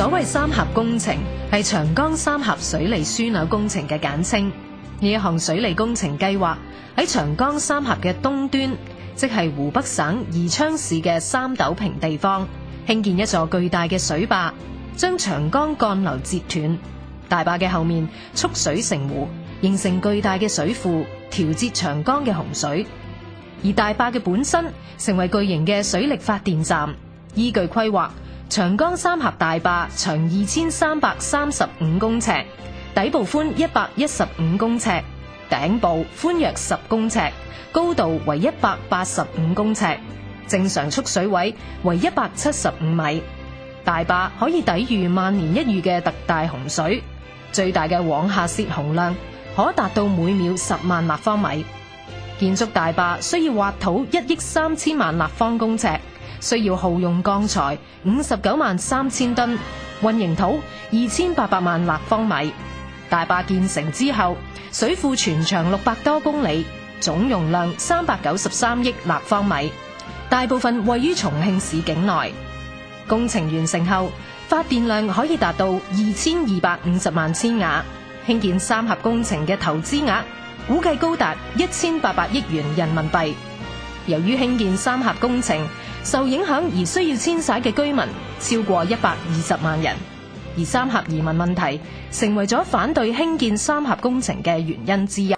所謂三峽工程係長江三峽水利樞紐工程嘅簡稱。呢一項水利工程計劃喺長江三峽嘅東端，即係湖北省宜昌市嘅三斗坪地方，興建一座巨大嘅水壩，將長江幹流截斷。大壩嘅後面蓄水成湖，形成巨大嘅水庫，調節長江嘅洪水。而大壩嘅本身成為巨型嘅水力發電站。依據規劃。長江三峽大壩長二千三百三十五公尺，底部寬一百一十五公尺，頂部寬約十公尺，高度為一百八十五公尺，正常蓄水位為一百七十五米。大壩可以抵禦萬年一遇嘅特大洪水，最大嘅往下泄洪量可達到每秒十萬立方米。建築大壩需要挖土一億三千萬立方公尺，需要耗用鋼材五十九萬三千噸，運營土二千八百萬立方米。大壩建成之後，水庫全長六百多公里，總容量三百九十三億立方米，大部分位於重慶市境內。工程完成後，發電量可以達到二千二百五十萬千瓦。興建三峽工程嘅投資額，估計高達一千八百億元人民幣。由於興建三峽工程，受影響而需要遷徙嘅居民超過一百二十萬人，而三峽移民問題成為咗反對興建三峽工程嘅原因之一。